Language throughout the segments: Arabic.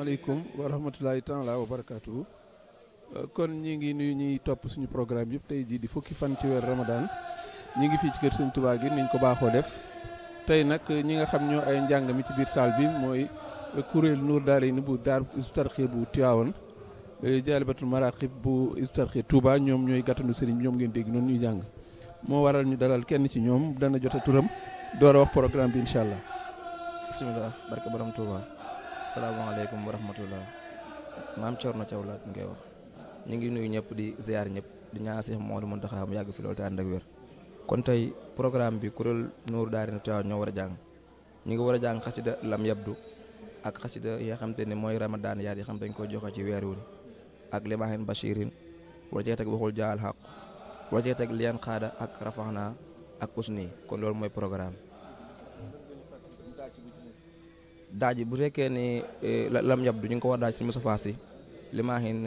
Assalamualaikum warahmatullahi taala wabarakatuh. Eh, kon ñi ngi nuyu ñi top suñu programme yëpp tay ji di fukki fan ci wër ramadan ñi ngi fi ci kër seigne touba gi niñ ko baxo def tay nak ñi nga xam ñoo ay njàng mi ci biir salle bi mooy kuréel Nour ni bu dar Hizbut Tarqiyyah bu Tiwaawan eh, maraqib bu Hizbut Touba ñom ñoy gàttandu sëriñ ñom ngeen dégg non ñuy jang mo waral ñu dalal kenn ci ñom dana jotta turam door wax programme bi inshallah allah bismillah barka borom Touba salaamaaleykum wa rahmatullah maam Thierno Thiaw la ngay wax ñu ngi nuyu ñëpp di ziar ñëpp di ñaan Cheikh Mouhamadou Mountakha mu yàgg fi loolu te ànd ak wér kon tey programme bi kuréel Nour Daara Tivaouane ñoo war a jàng ñu ngi war a jàng xasida lam du ak xasida yi nga xam ne mooy ramadaan yaat yi xam dañ ko joxe ci weer wu ni ak limaahin bashirin war cee teg waxul jaal xaq war cee teg liyan xaada ak rafaxnaa ak usni kon loolu mooy programme daaji bu fekkee ni eh, lam yab du ñu ngi ko war daaj sëñ Moustapha si li maa xeen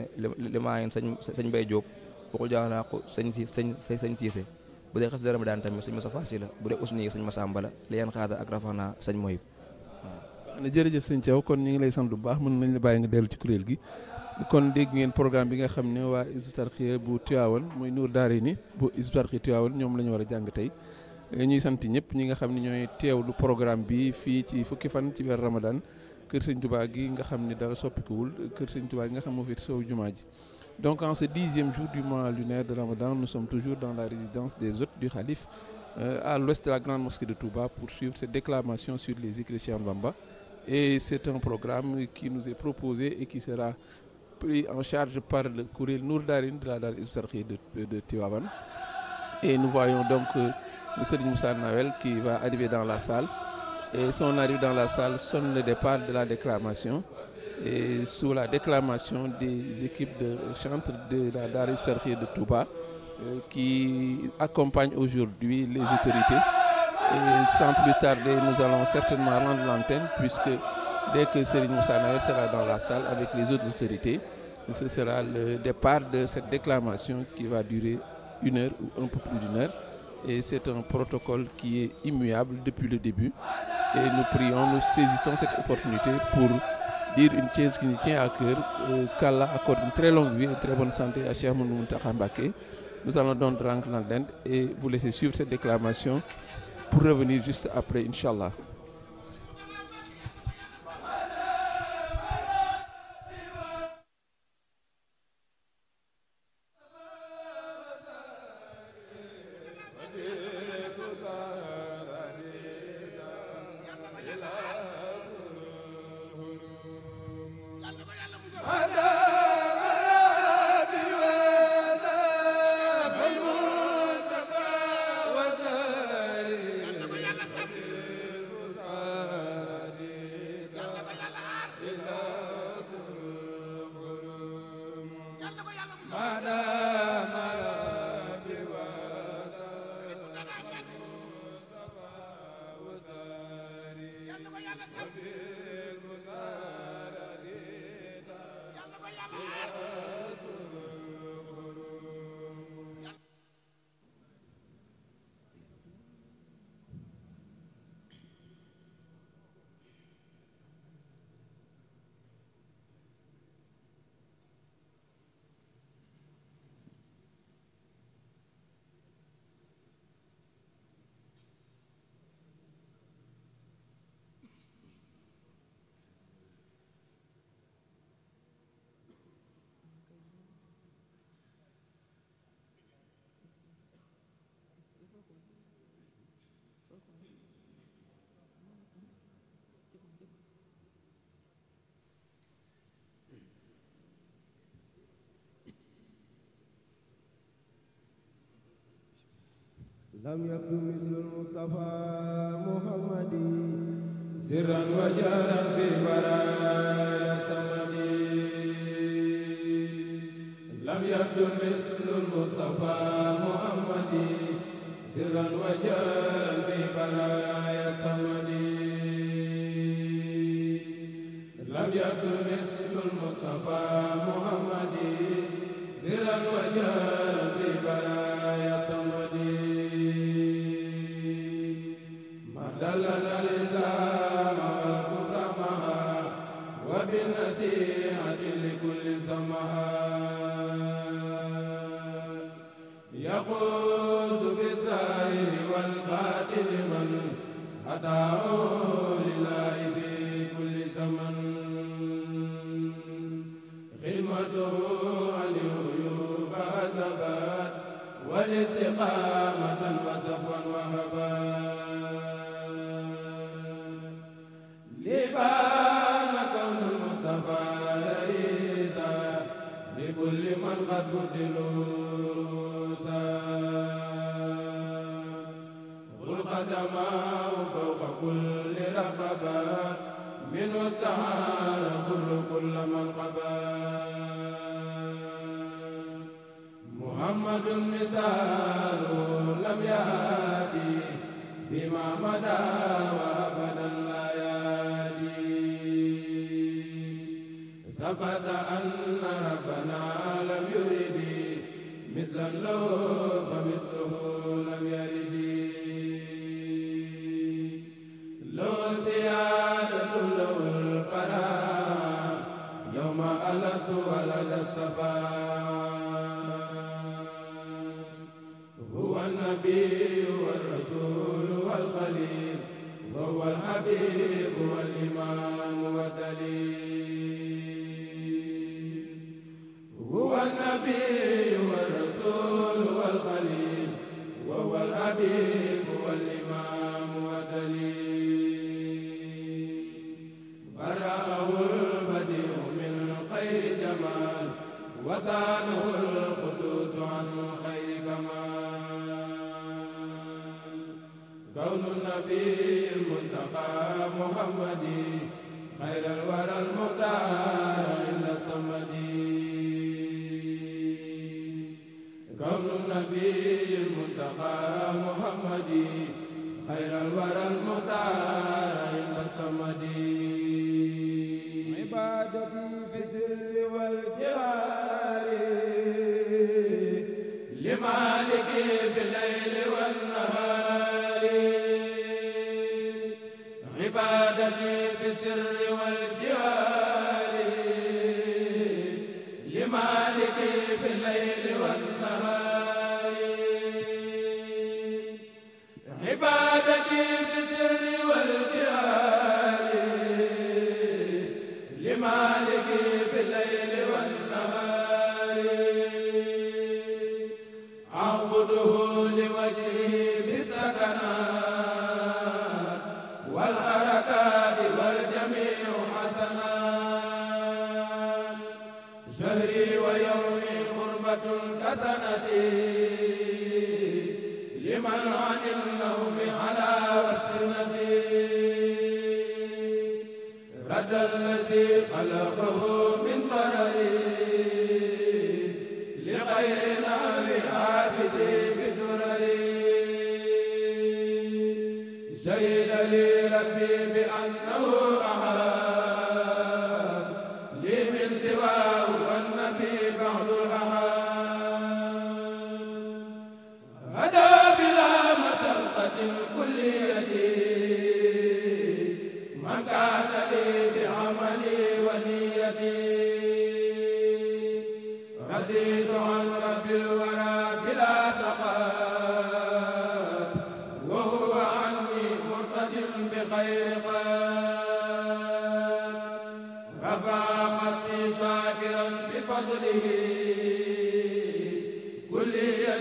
li maa xeen sëñ sëñ Mbaye Diop waxul jawlaa ko sëñ si sëñ sëñ Cissé bu dee xas dërëm daan tamit sëñ Moustapha si la bu dee usni sëñ Massamba la li yan xaada ak rafanaa sëñ Moyib waaw jërëjëf sëñ Thiaw kon ñu ngi lay sant bu baax mën nañ la bàyyi nga dellu ci kuréel gi kon dégg ngeen programme bi nga xam ne waa Hizbut Tarqiyyah bu Tivaouane muy Nour Daarayni bu Hizbut Tarqiyyah Tivaouane ñoom la ñu war a jàng tey ñuy sant ñëpp ñi nga xam ne ñooy teewlu programme bi fii ci fukki fan ci weer Ramadan kër Sëñ Touba gi nga xam ne dara soppikuwul kër Sëñ Touba gi nga xam fi jumaa donc en ce dixième jour du mois lunaire de Ramadan nous sommes toujours dans la résidence des hôtes du Khalif euh, à l'ouest de la grande mosquée de Touba pour suivre cette déclamation sur les écrits en Bamba et c'est un programme qui nous est proposé et qui sera pris en charge par le courriel Nour de la Dar de, de, Tiwaban et nous voyons donc euh, de Serine Moussa qui va arriver dans la salle. Et son arrivée dans la salle sonne le départ de la déclamation. Et sous la déclamation des équipes de chantre de la Daris Ferrier de Touba euh, qui accompagnent aujourd'hui les autorités. Et sans plus tarder, nous allons certainement rendre l'antenne puisque dès que Céline Moussa Nawel sera dans la salle avec les autres autorités, ce sera le départ de cette déclamation qui va durer une heure ou un peu plus d'une heure. Et c'est un protocole qui est immuable depuis le début. Et nous prions, nous saisissons cette opportunité pour dire une chose qui nous tient à cœur, qu'Allah euh, accorde une très longue vie et une très bonne santé à Cheikh Mounou Nous allons donc rentrer dans et vous laisser suivre cette déclamation pour revenir juste après, Inch'Allah. لم يبدو مثل المصطفى محمد سرا وجارا في برايا الصمد لم يبدو مثل المصطفى محمد سرا وجارا في برايا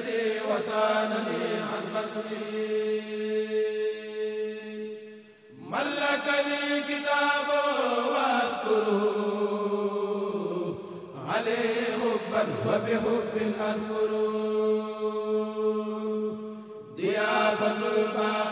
ليلتي وسالني عن غزلي ملكني كتابه وأذكره عليه حبا وبحب أذكره ضيافة الباقي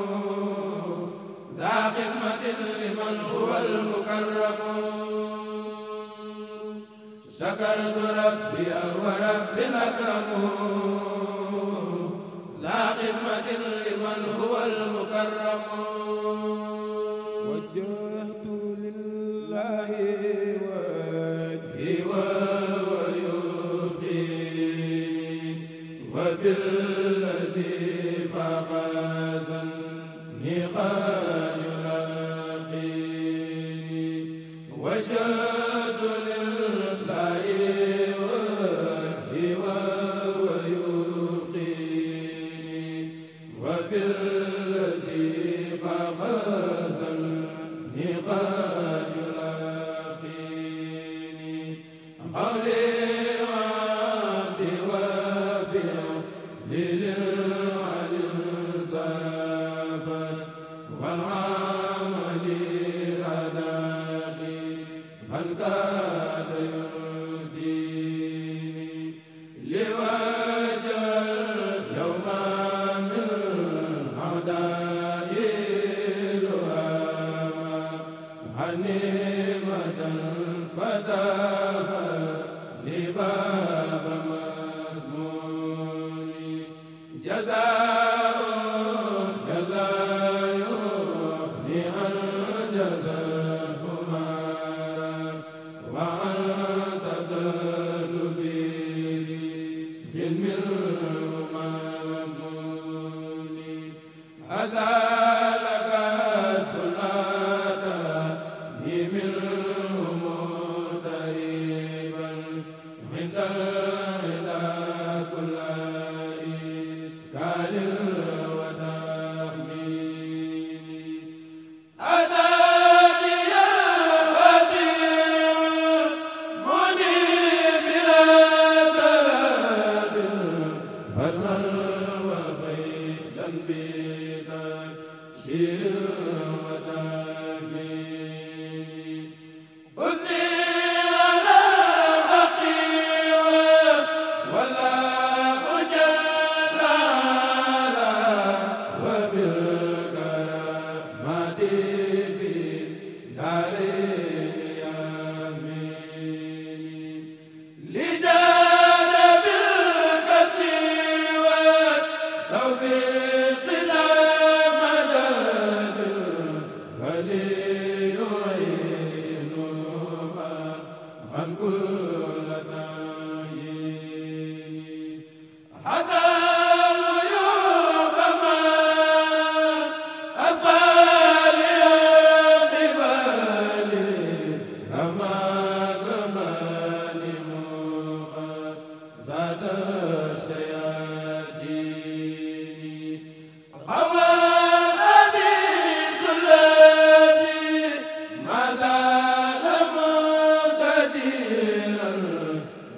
خدمة لمن هو المكرم شكرت ربي ورب الأكرم ذا خدمة لمن هو المكرم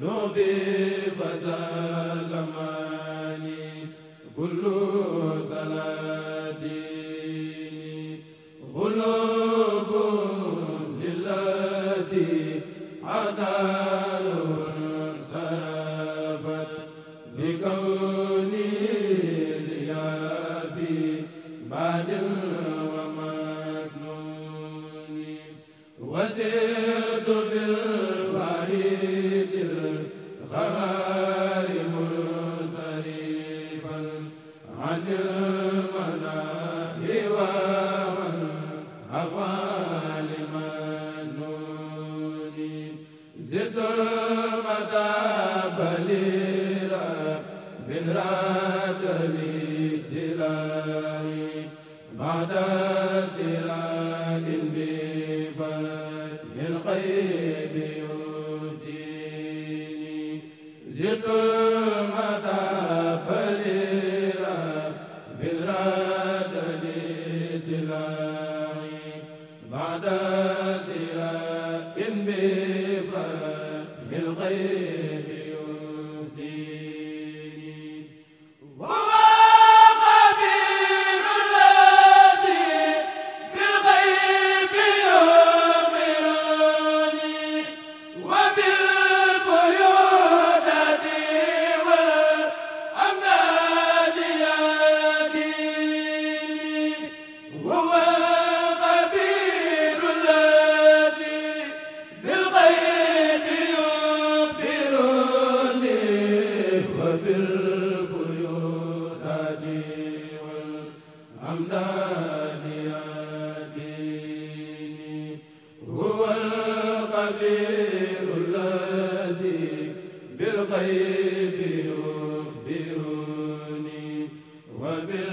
no وبال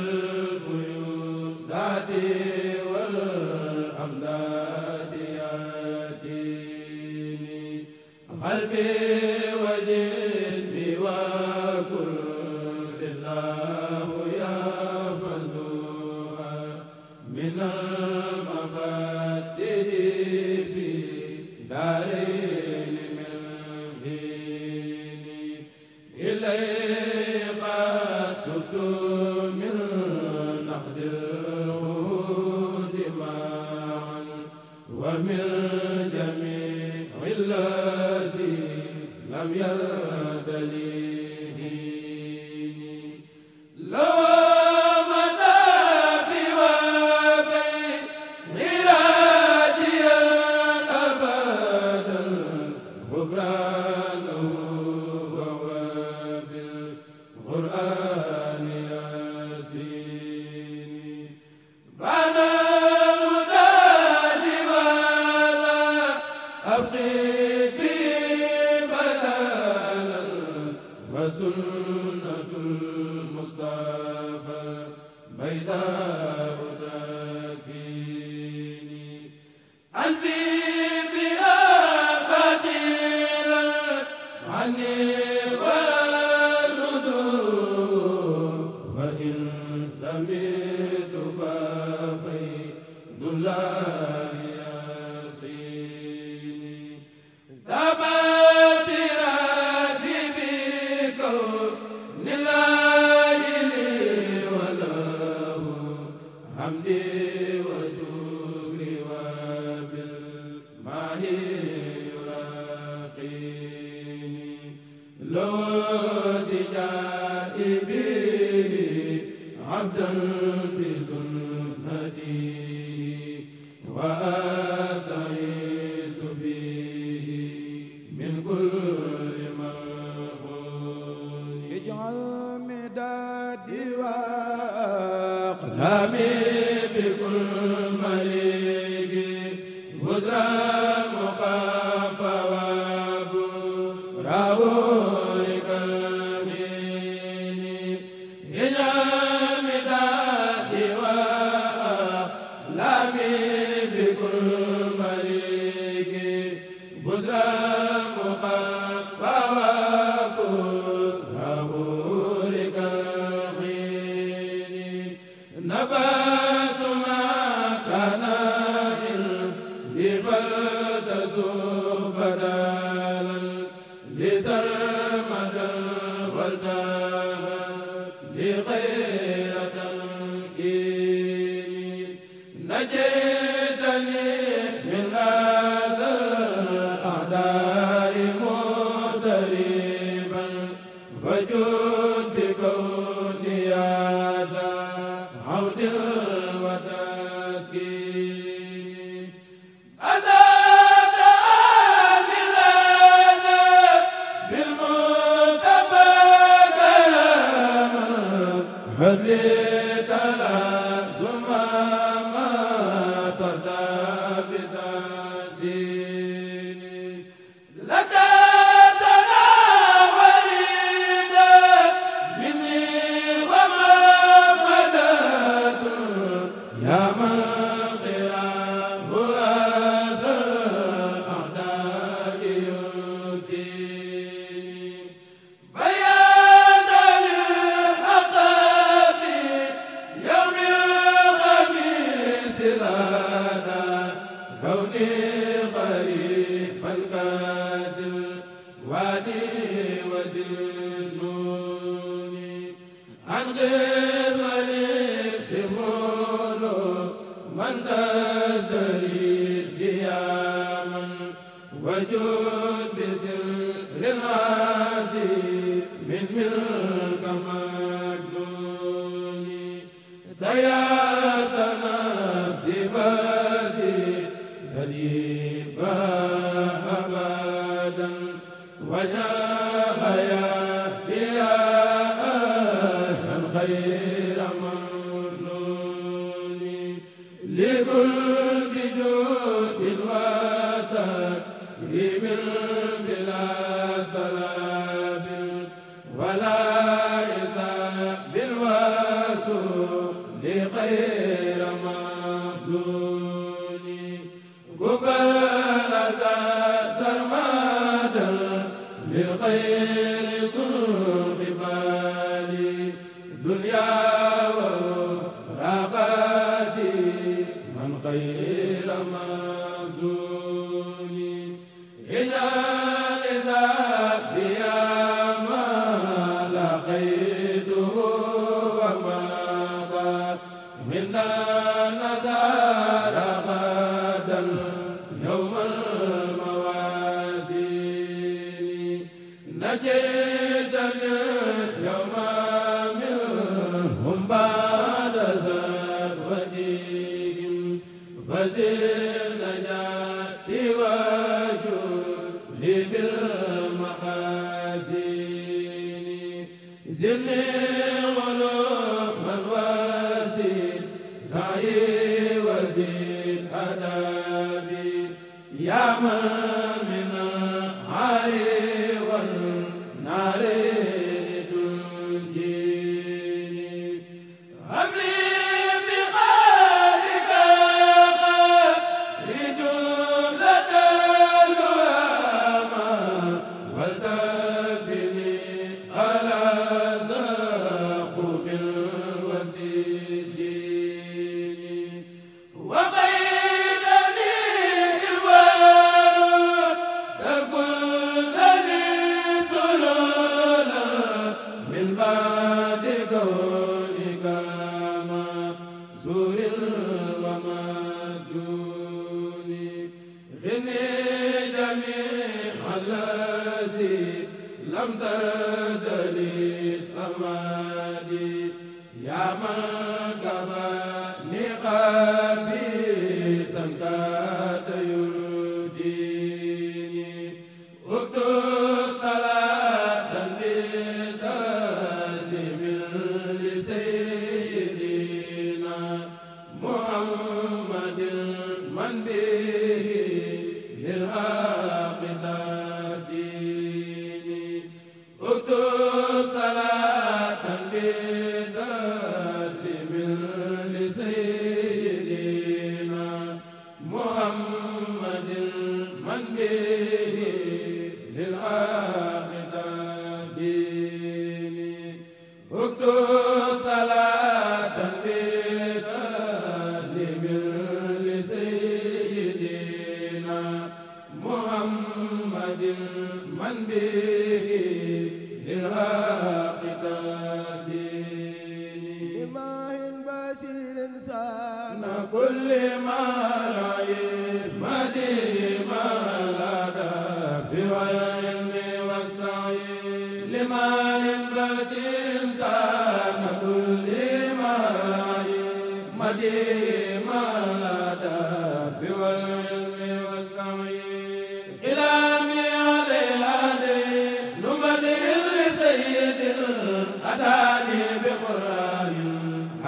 man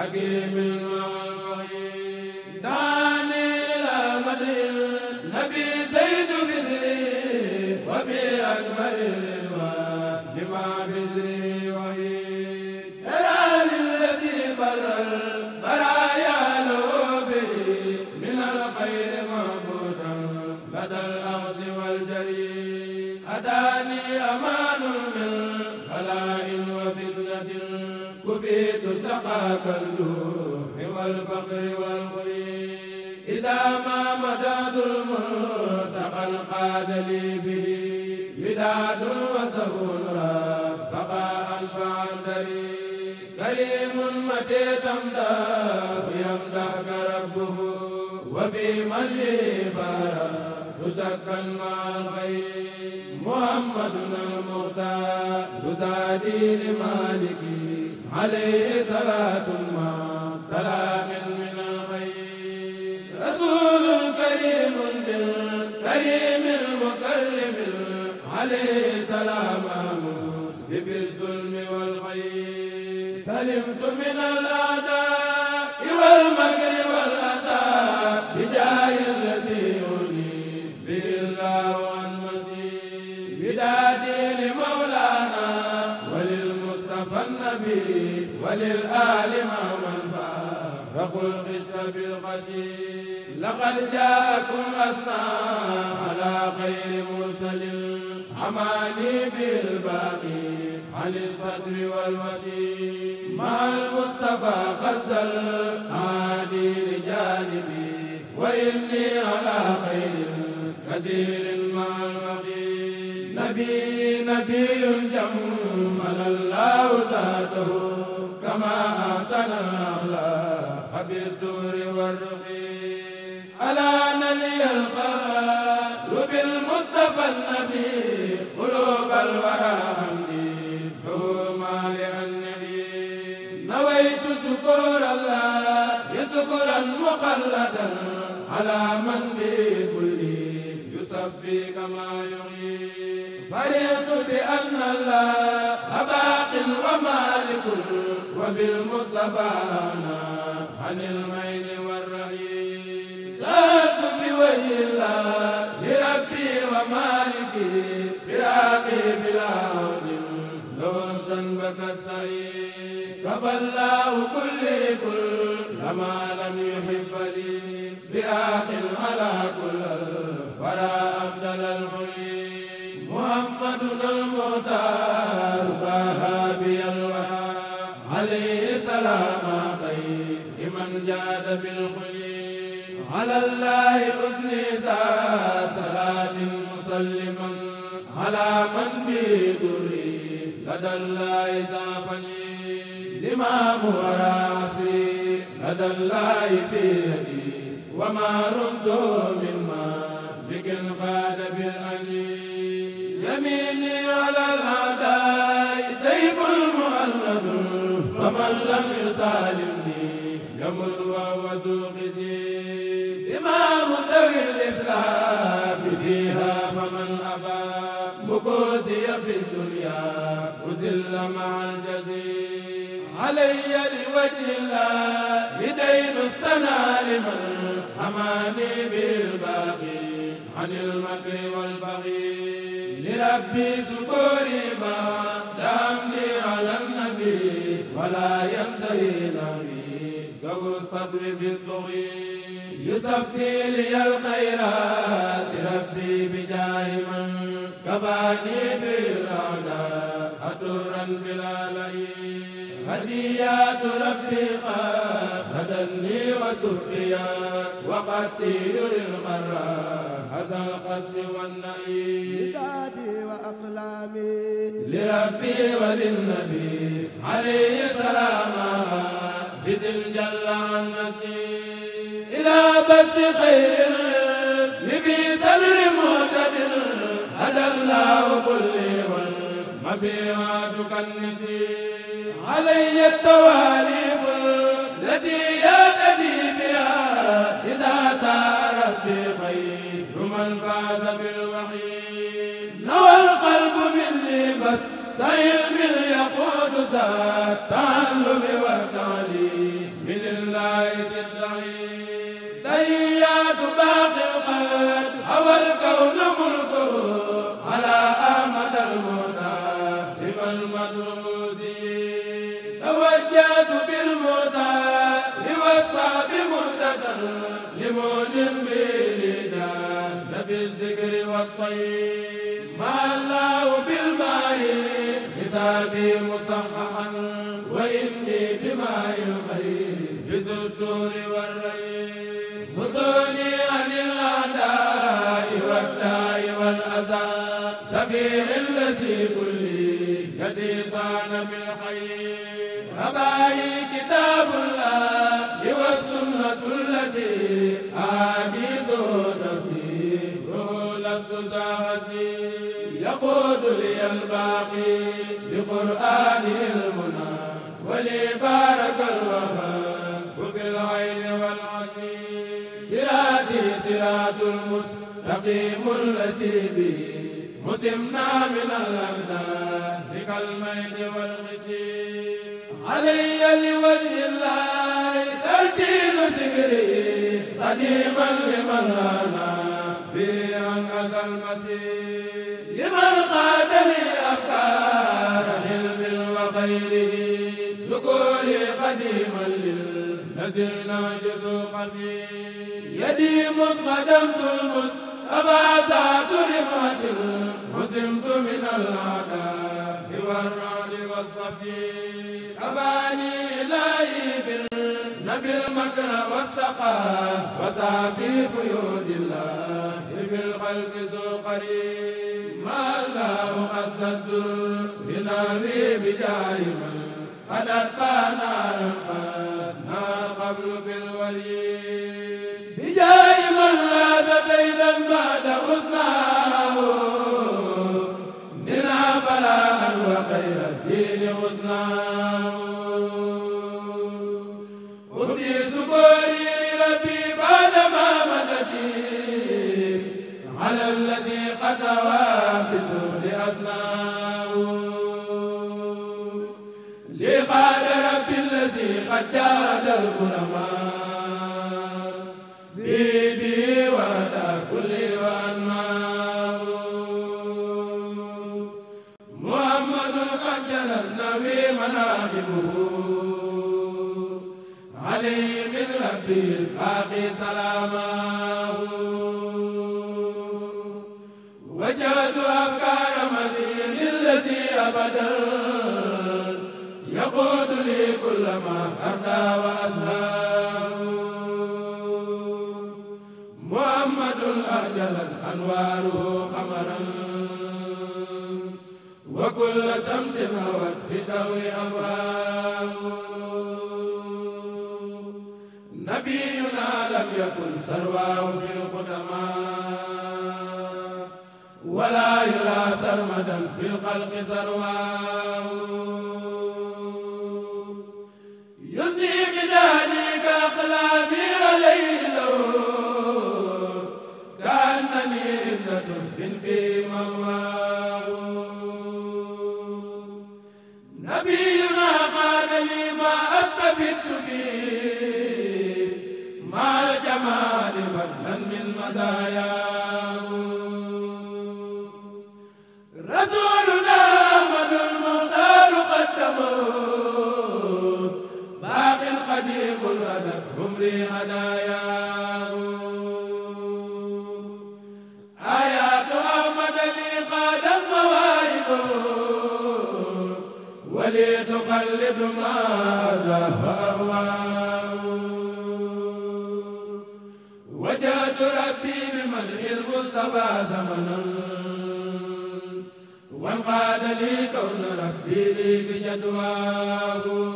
حكيم زاد لي به وداد وسهول رافقا ألف عندري كريم متي تمدح يمدحك ربه وفي ملجئ بارا تسكن مع الغيب محمد المختار زادي لمالكي عليه صلاة ما سلام فقل قس في الغشيم لقد جاءكم أسنى على خير مرسل حماني بالباقي عن الصدر والمشي مع المصطفى قزل عادي لجانبي وإني على خير كثير مع الوقي نبي نبي جمل الله ذاته والرقي ألا نلي الخلق وبالمصطفى النبي قلوب الورى الوهامي حوما لأنني نويت شكور الله شكرا مخلدا على من بكل يصفي كما يغيب فرحت بأن الله باق ومالك وبالمصطفى أنا عن الميل لربي ومالكي فالله كل كل لما لم يحب لي براق على كل فرا أبدل الحلي محمد المختار وهابي الوهاب عليه سلام خير لمن جاد بالخلي على الله حسن ذا صلاة مسلما على من بدري لدى الله ذا فني زمام وراسي لدى الله في يدي وما رمت مما بك قاد بالأني يميني على الأعداء سيف المؤلف فمن لم يسالم مع الجزيل علي لوجه الله يدين السنا لمن حماني بالباقي عن المكر والبغي لربي سكوري ما دامني على النبي ولا ينتهي نبي ذو الصدر بالطغي يصفي لي الخيرات ربي بجاه من كباني بالأعداء بالعلي هديات ربي قد لي وسفيا وقد تير القرى هذا القس والنعيم بدادي واقلامي لربي وللنبي عليه سلاما بزل جل عن نسيم الى بث خير لبي تدري معتدل هدى الله كل قلبي وتكنسي علي التواليف التي يهتدي بها إذا سارت ربي خير من فاز بالوحي نوى القلب مني بس سيلم اليقود ذات تعلم والتعليم من الله سبحانه ديات باقي القلب هو الكون ملكه على موجود بلدا لا بالذكر والطيب ما الله بالماء حسابي مصححا وإني بماء الخير جزء الدور والري مصوني عن الأعداء والداء والأذى سبيل الذي كلي يدي صان من الباقي بقرآن المنى ولي بارك الوفاء وبالعين والعزيز سرادي سراد المستقيم الذي به مسمنا من الأغنى الميل والغسيل علي لوجه الله ترتيل ذكري قديما لمن أنا به أنقذ المسير جرنا ثقبي يدي مسقدمت المس أبا ذات رمات هزمت من الأعداء والرعد والصفي أباني إلهي بالنبي المكر وسعى وسافي قيود الله بالقلب ذو قريب ما الله قد الدر بنامي بجاي قد أتقى نار القلب الحبل بالوريد بجاه من لاذ زيدا بعد حسناه نلعى بلاء وخير الدين غزناه أبدي سفوري لربي بعد ما مدتي على الذي قد وافزه لأسناه لقال ربي الذي قد جاد الكل nabi يكن سرواه في القدماء ولا يرى سرمدا في الخلق سرواه يزني بذلك أقلامي وليل كأنني ابنة في مواه نبينا قال لي ما أستفدت لي هداياه آيات أحمد لي قاد المواهب ولي تقلد ما تهواه وجهت ربي بمدح المصطفى زمنا وانقاد لي كون ربي لي بجدواه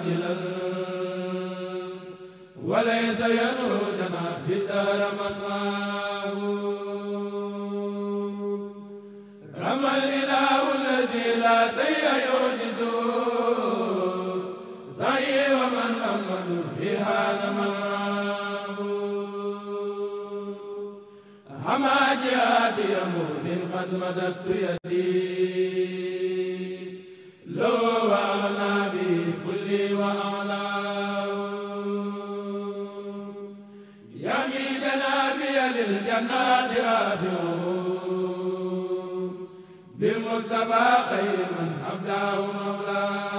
معتدلا وليس ينهج ما في الدار مسمعه رمى الإله الذي لا شيء يعجزه سعي ومن أمد بها نمناه أما جهادي مؤمن قد مددت يدي بالمصطفى خير من أبداه مولاه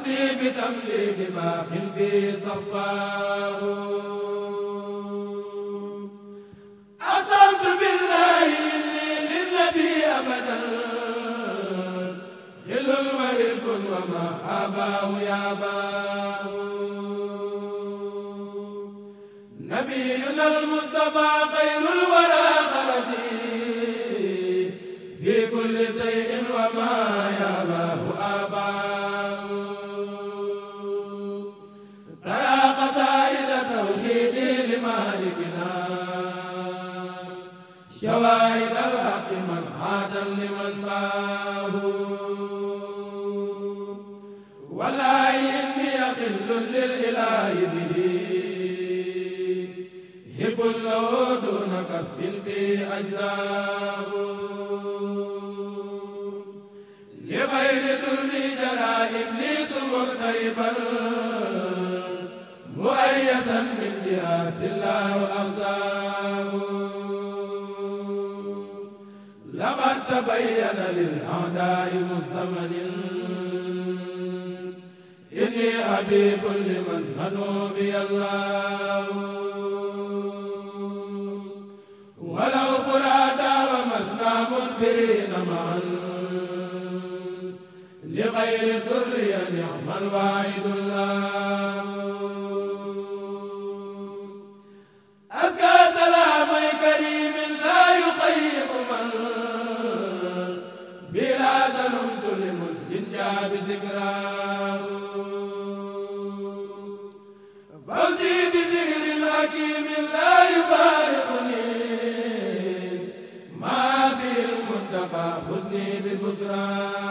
أتي بتمليد ما من صفاه أثرت بالله إني للنبي أبدا خل وإلف وما حباه ياباه نبينا المصطفى خير الورى دون كسب أجزاء لغير در جرى إبليس مغتيبا مؤيسا من جهات الله أغزاه لقد تبين للأعداء مزمن إني حبيب لمن هدوا بي الله الصابرين معا لغير ذري يعمل واعد الله أذكى سلام كريم لا يخيب من بلا ذنب لمد جاء بذكراه فوزي بذكر الحكيم الله Allah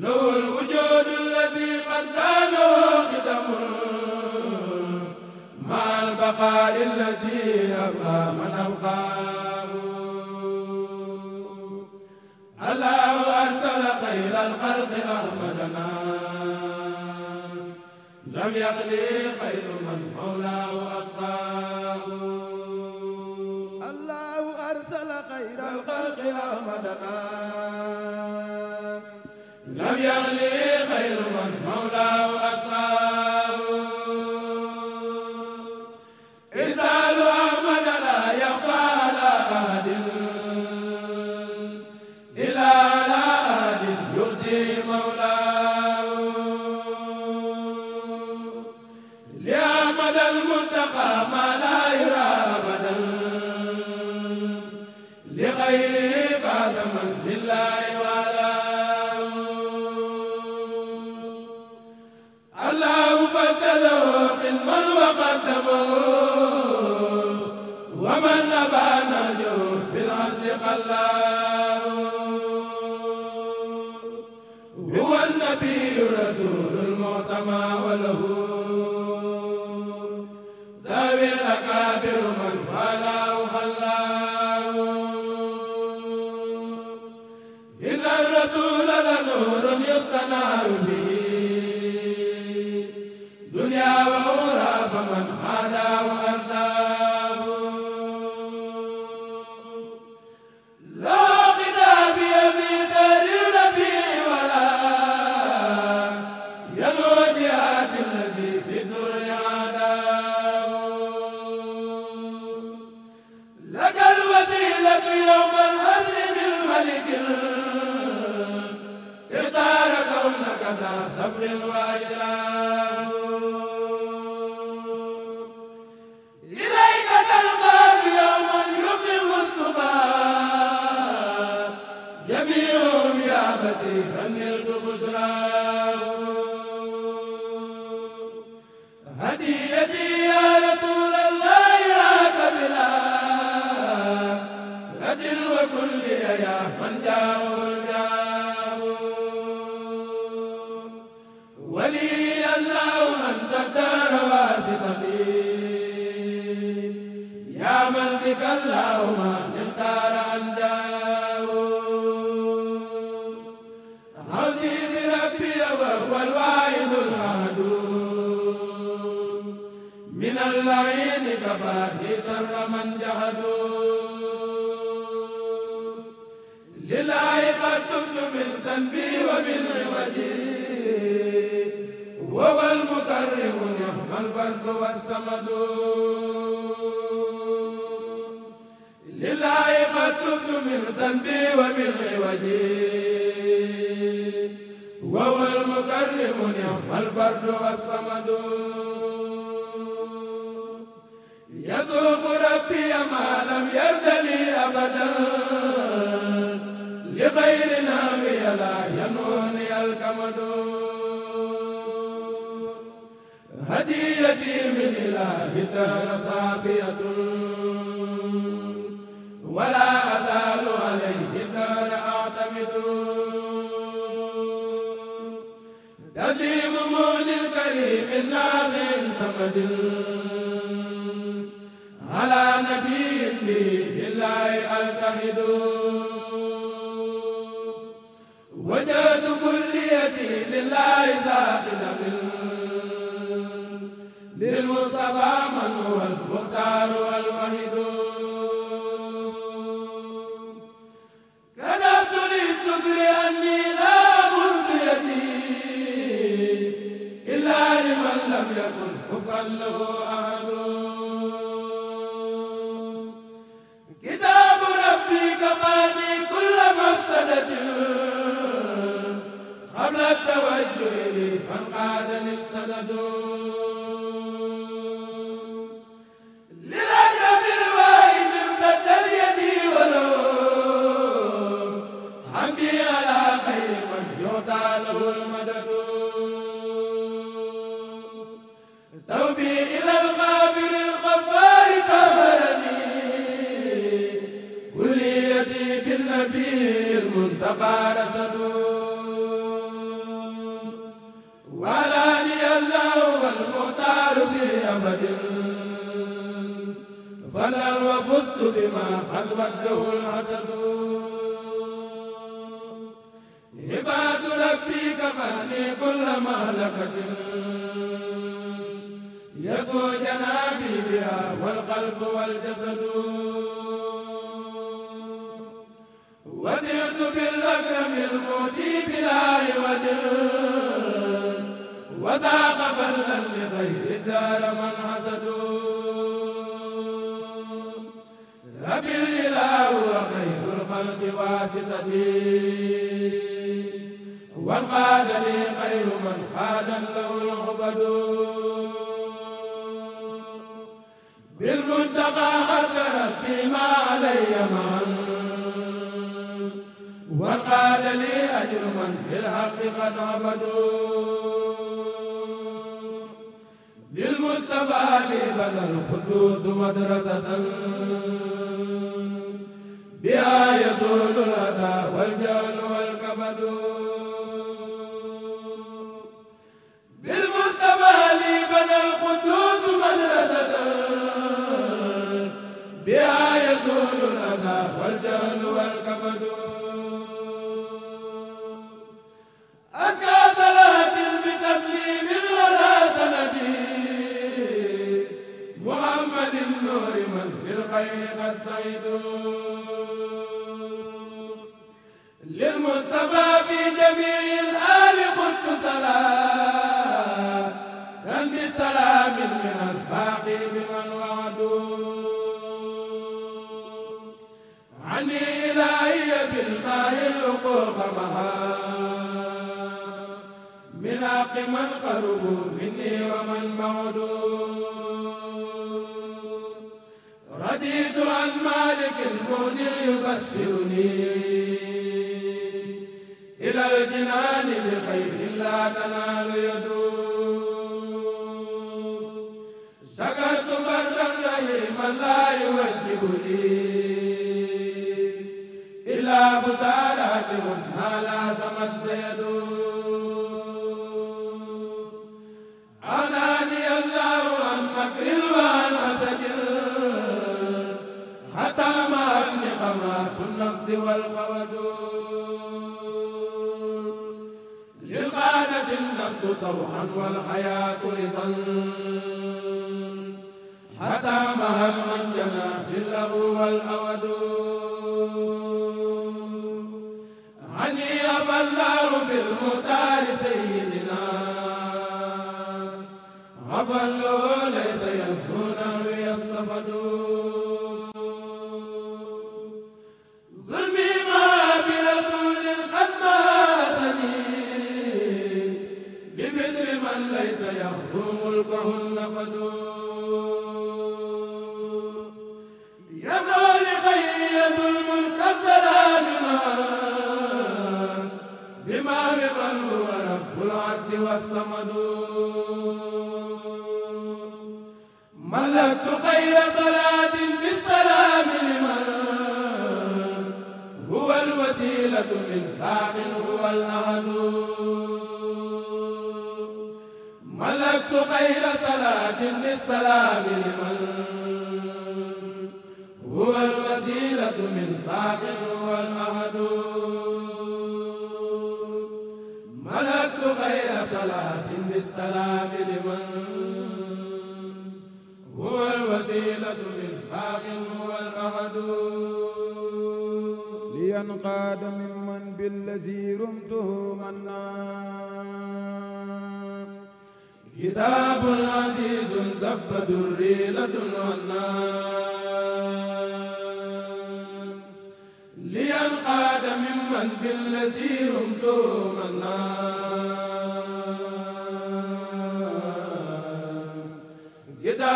له الوجود الذي قد زاله قدم مع البقاء الذي أبقى من أبقاه الله أرسل خير الخلق أرمدنا لم يقل خير من مولاه أصفاه الله أرسل خير الخلق أرمدنا lam yaqli الله بما رضا هو رب العرش والصمد ملكت خير صلاة بالسلام لمن هو الوسيلة من باق هو الأحد ملكت خير صلاة بالسلام لمن هو الوسيلة من باق هو الأحد صلاة بالسلام لمن هو الوسيلة من باق هو الأحد لينقاد ممن بالذي رمته منا كتاب عزيز زب دريلة ونا لينقاد ممن بالذي رمته منا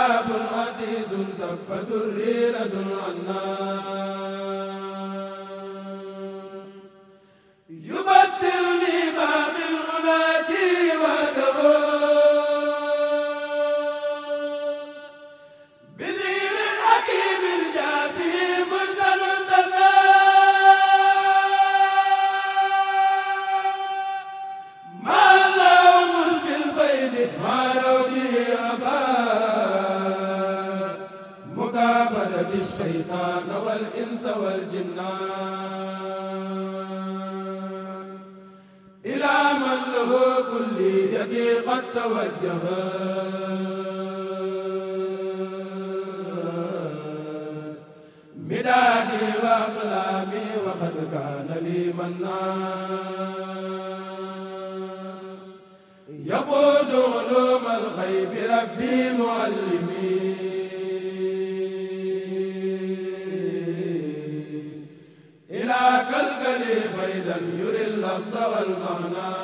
غلاب عزيز سب دريرة عنا الإنس والجنان إلى من له كل يدي قد توجه مدادي وأقلامي وقد كان لي منان يقول علوم الغيب ربي معلمي Sarvam Nam.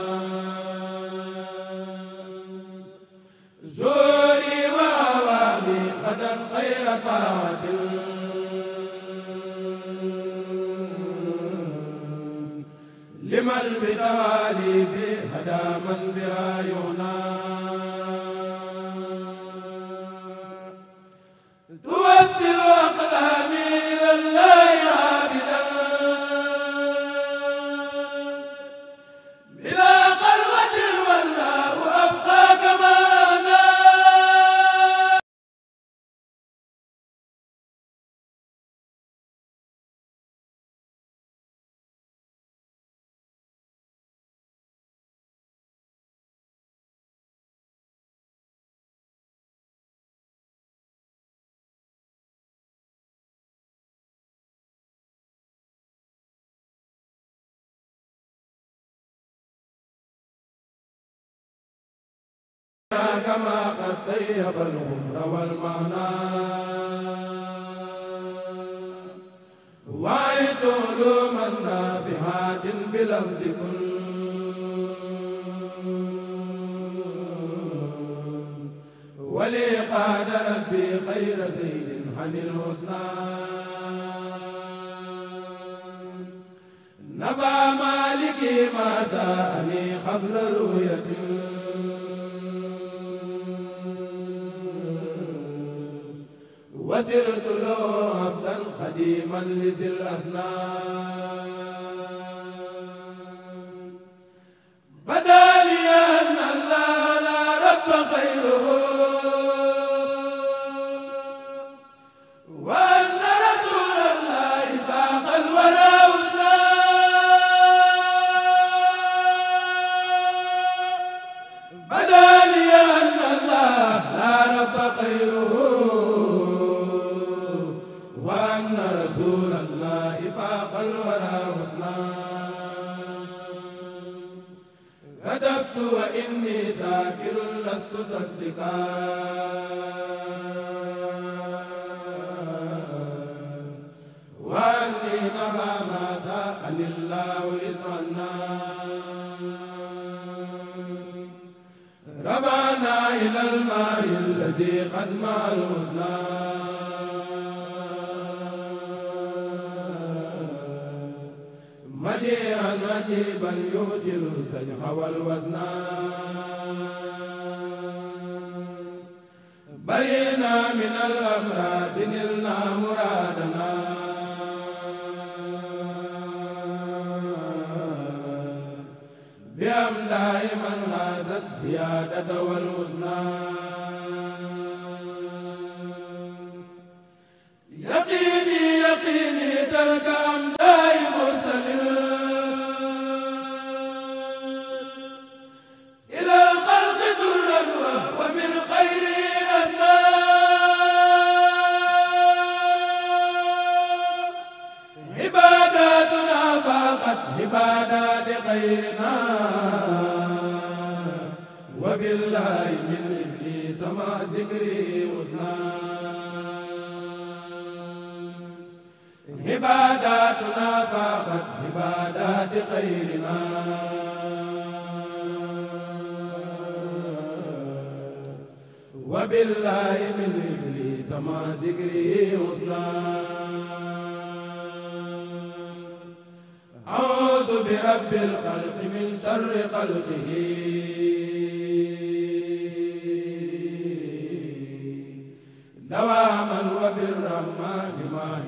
الرحمن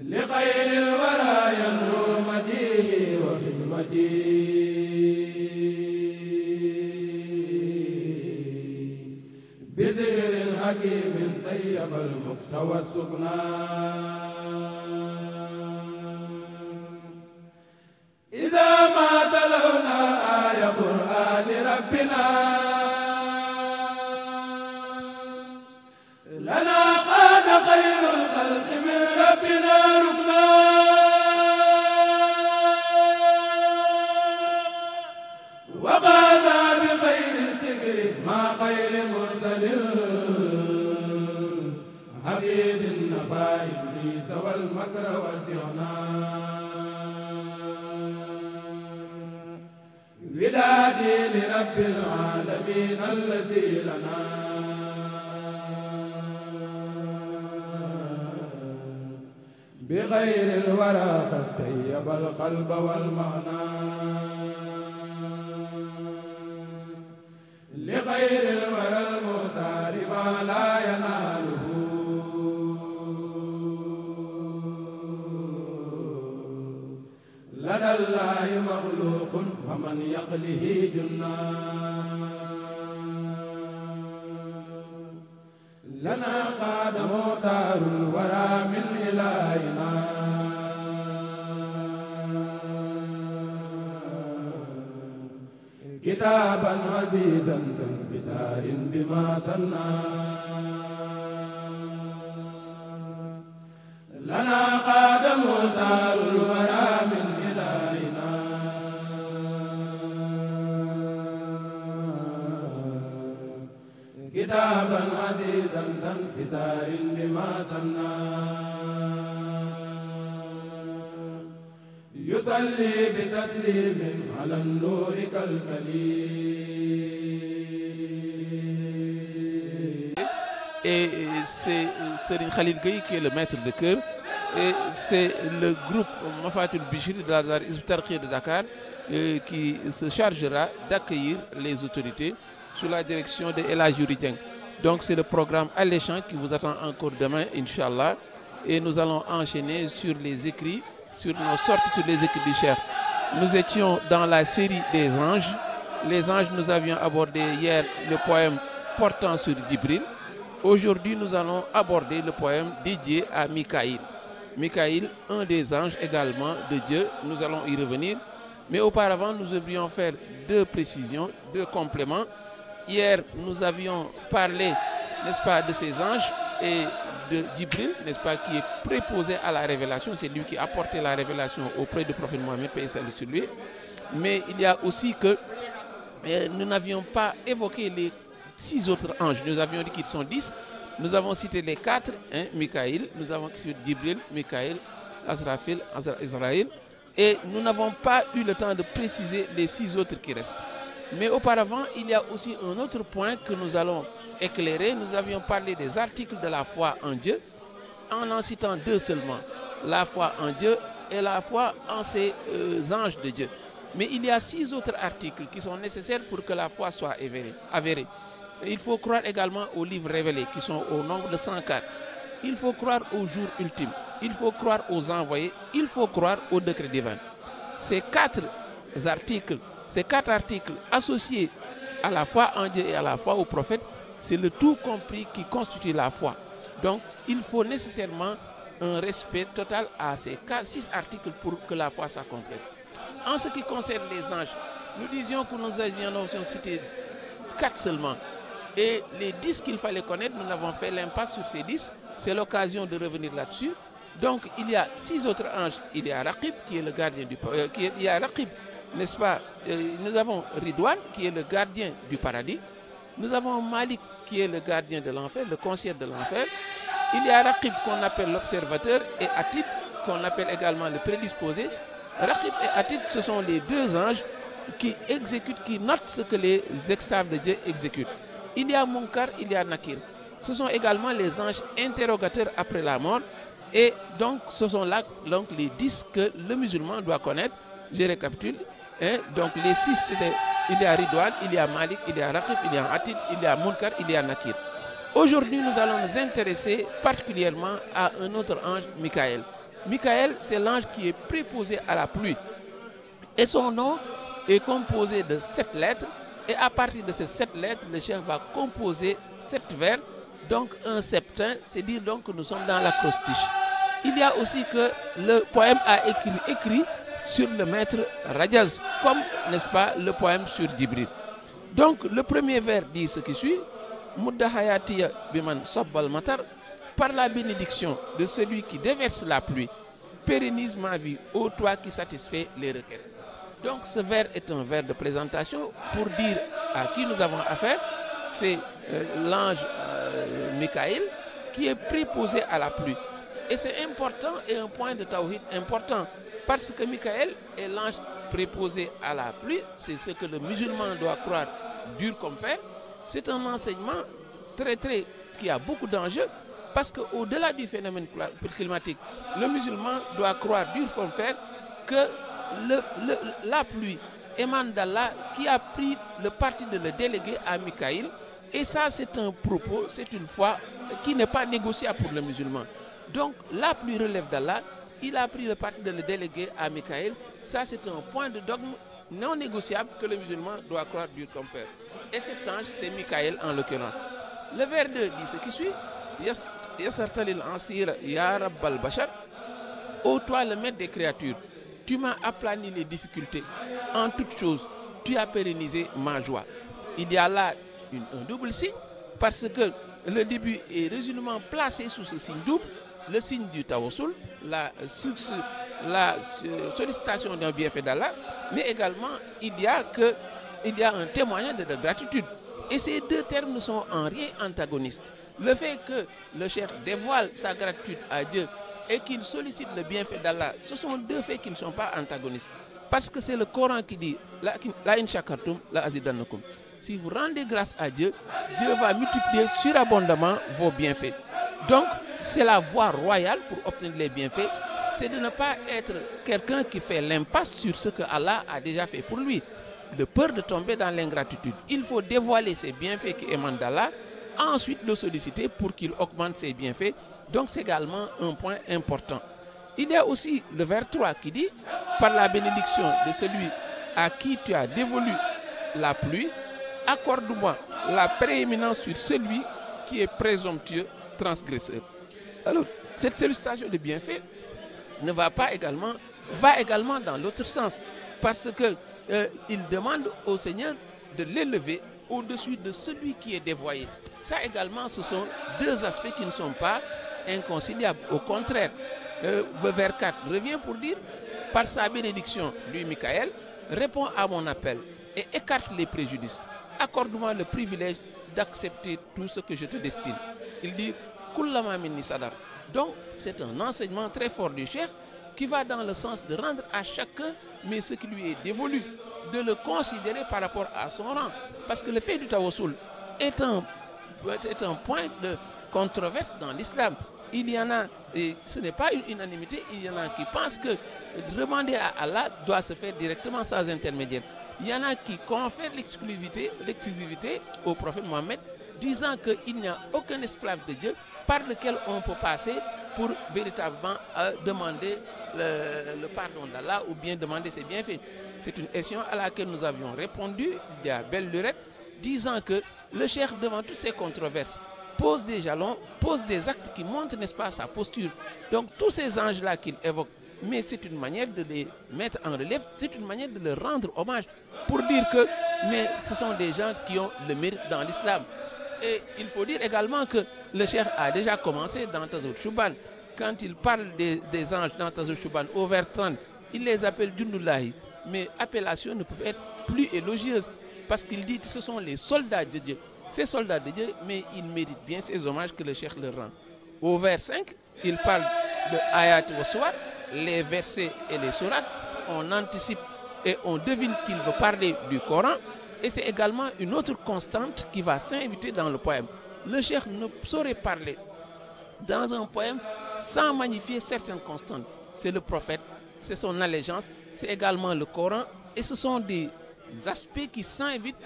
لخير الورى ينمو مديه وخدمتي بزهر الحكيم طيب المكس والسكنى Et c'est Serine Khalid Gueye qui est le maître de cœur. et c'est le groupe Mafatul Bichir de Zar Isbtarki de Dakar euh, qui se chargera d'accueillir les autorités sous la direction de Ella Juriteng. Donc c'est le programme alléchant qui vous attend encore demain, Inch'Allah. Et nous allons enchaîner sur les écrits, sur nos sortes sur les écrits du chef. Nous étions dans la série des anges. Les anges, nous avions abordé hier le poème portant sur Djibril. Aujourd'hui, nous allons aborder le poème dédié à Michaïl. Michaïl, un des anges également de Dieu. Nous allons y revenir. Mais auparavant, nous devrions faire deux précisions, deux compléments. Hier, nous avions parlé, n'est-ce pas, de ces anges et de Dibril, n'est-ce pas, qui est préposé à la révélation. C'est lui qui a apporté la révélation auprès du prophète Mohamed, paix salut sur lui. Mais il y a aussi que euh, nous n'avions pas évoqué les six autres anges. Nous avions dit qu'ils sont dix. Nous avons cité les quatre, hein, Michael, nous avons cité Dibril, Michael, Azrafil, Azra Israël. Et nous n'avons pas eu le temps de préciser les six autres qui restent. Mais auparavant, il y a aussi un autre point que nous allons éclairer. Nous avions parlé des articles de la foi en Dieu en en citant deux seulement, la foi en Dieu et la foi en ses euh, anges de Dieu. Mais il y a six autres articles qui sont nécessaires pour que la foi soit avérée. Il faut croire également aux livres révélés qui sont au nombre de 104. Il faut croire au jour ultime. Il faut croire aux envoyés. Il faut croire au décrets divins. Ces quatre articles ces quatre articles associés à la foi en Dieu et à la foi au prophète, c'est le tout compris qui constitue la foi. Donc il faut nécessairement un respect total à ces six articles pour que la foi soit complète. En ce qui concerne les anges, nous disions que nous avions cité quatre seulement. Et les dix qu'il fallait connaître, nous avons fait l'impasse sur ces dix. C'est l'occasion de revenir là-dessus. Donc il y a six autres anges. Il y a Raqib qui est le gardien du peuple. il y a Raqib n'est-ce pas Nous avons Ridwan qui est le gardien du paradis. Nous avons Malik qui est le gardien de l'enfer, le concierge de l'enfer. Il y a Raqib qu'on appelle l'observateur et Atit qu'on appelle également le prédisposé. Raqib et Atit ce sont les deux anges qui exécutent, qui notent ce que les esclaves de Dieu exécutent. Il y a Munkar, il y a Nakir. Ce sont également les anges interrogateurs après la mort. Et donc, ce sont là les dix que le musulman doit connaître. Je récapitule. Hein? Donc les six, il y a Ridouane, il y a Malik, il y a Raqib, il y a Atid, il y a Munkar, il y a Nakir. Aujourd'hui, nous allons nous intéresser particulièrement à un autre ange, Michael. Michael, c'est l'ange qui est préposé à la pluie. Et son nom est composé de sept lettres. Et à partir de ces sept lettres, le chef va composer sept vers, donc un septin, c'est dire donc que nous sommes dans l'acrostiche. Il y a aussi que le poème a écrit, écrit sur le maître Rajaz, comme, n'est-ce pas, le poème sur Djibril. Donc, le premier vers dit ce qui suit biman sabbal matar, par la bénédiction de celui qui déverse la pluie, pérennise ma vie, ô toi qui satisfait les requêtes. Donc, ce vers est un vers de présentation pour dire à qui nous avons affaire. C'est euh, l'ange euh, Michael qui est préposé à la pluie. Et c'est important et un point de tawhid important. Parce que Michael est l'ange préposé à la pluie, c'est ce que le musulman doit croire dur comme fer. C'est un enseignement très très qui a beaucoup d'enjeux parce qu'au-delà du phénomène climatique, le musulman doit croire dur comme fer que la pluie émane d'Allah qui a pris le parti de le déléguer à Michael. Et ça, c'est un propos, c'est une foi qui n'est pas négociable pour le musulman. Donc, la pluie relève d'Allah il a pris le parti de le déléguer à Michael. Ça, c'est un point de dogme non négociable que le musulman doit croire Dieu comme faire. Et cet ange, c'est Michael en l'occurrence. Le vers 2 dit ce qui suit Yassartalil Ansir al-Bashar, ô toi le maître des créatures, tu m'as aplani les difficultés. En toutes choses, tu as pérennisé ma joie. Il y a là un double signe parce que le début est résolument placé sous ce signe double le signe du Tawassul, la, euh, sollicitation d'un bienfait d'Allah, mais également il y a que il y a un témoignage de gratitude. Et ces deux termes ne sont en rien antagonistes. Le fait que le cher dévoile sa gratitude à Dieu et qu'il sollicite le bienfait d'Allah, ce sont deux faits qui ne sont pas antagonistes. Parce que c'est le Coran qui dit La la Si vous rendez grâce à Dieu, Dieu va multiplier surabondamment vos bienfaits. Donc, c'est la voie royale pour obtenir les bienfaits, c'est de ne pas être quelqu'un qui fait l'impasse sur ce que Allah a déjà fait pour lui, de peur de tomber dans l'ingratitude. Il faut dévoiler ses bienfaits qui émanent d'Allah, ensuite le solliciter pour qu'il augmente ses bienfaits. Donc, c'est également un point important. Il y a aussi le verset 3 qui dit Par la bénédiction de celui à qui tu as dévolu la pluie, accorde-moi la prééminence sur celui qui est présomptueux transgresseur. Alors, cette sollicitation de bienfaits ne va pas également, va également dans l'autre sens, parce qu'il euh, demande au Seigneur de l'élever au-dessus de celui qui est dévoyé. Ça également, ce sont deux aspects qui ne sont pas inconciliables. Au contraire, euh, vers 4 revient pour dire, par sa bénédiction, lui, Michael, répond à mon appel et écarte les préjudices. Accorde-moi le privilège d'accepter tout ce que je te destine. Il dit, donc, c'est un enseignement très fort du chef qui va dans le sens de rendre à chacun mais ce qui lui est dévolu, de le considérer par rapport à son rang. Parce que le fait du tawassul est un, est un point de controverse dans l'islam. Il y en a, et ce n'est pas une unanimité, il y en a qui pensent que demander à Allah doit se faire directement sans intermédiaire. Il y en a qui confèrent l'exclusivité, l'exclusivité au prophète Mohammed, disant qu'il n'y a aucun esclave de Dieu par lequel on peut passer pour véritablement euh, demander le, pardon d'Allah ou bien demander ses bienfaits. C'est une question à laquelle nous avions répondu il y a belle lurette, disant que le chef, devant toutes ces controverses, pose des jalons, pose des actes qui montrent, n'est-ce pas, sa posture. Donc tous ces anges-là qu'il évoque, mais c'est une manière de les mettre en relief, c'est une manière de leur rendre hommage pour dire que mais ce sont des gens qui ont le mérite dans l'islam. Et il faut dire également que le chef a déjà commencé dans Tazou Chouban. Quand il parle des, anges dans Tazou Chouban, au vers 30, il les appelle d'unulahi. Mais appellation ne peut être plus élogieuse parce qu'il dit que ce sont les soldats de Dieu. Ces soldats de Dieu, mais ils méritent bien ces hommages que le chef leur rend. Au vers 5, il parle de Ayat Oswar, les versets et les sourates. On anticipe et on devine qu'il veut parler du Coran. Et c'est également une autre constante qui va s'inviter dans le poème le chef ne saurait parler dans un poème sans magnifier certaines constantes. C'est le prophète, c'est son allégeance, c'est également le Coran, et ce sont des aspects qui s'invitent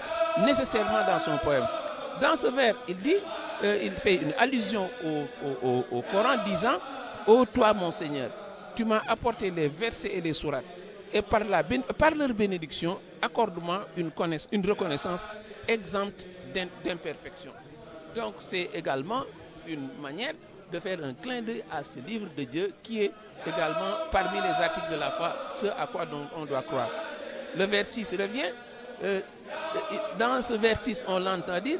nécessairement dans son poème. Dans ce vers, il dit, euh, il fait une allusion au, Coran disant, Ô toi mon Seigneur, tu m'as apporté les versets et les sourates, et par, la, par leur bénédiction, accorde-moi une, une reconnaissance exempte d'imperfection. Donc c'est également une manière de faire un clin d'œil à ce livre de Dieu qui est également parmi les articles de la foi, ce à quoi donc on doit croire. Le verset 6 revient. Euh, dans ce verset 6, on l'entend dire,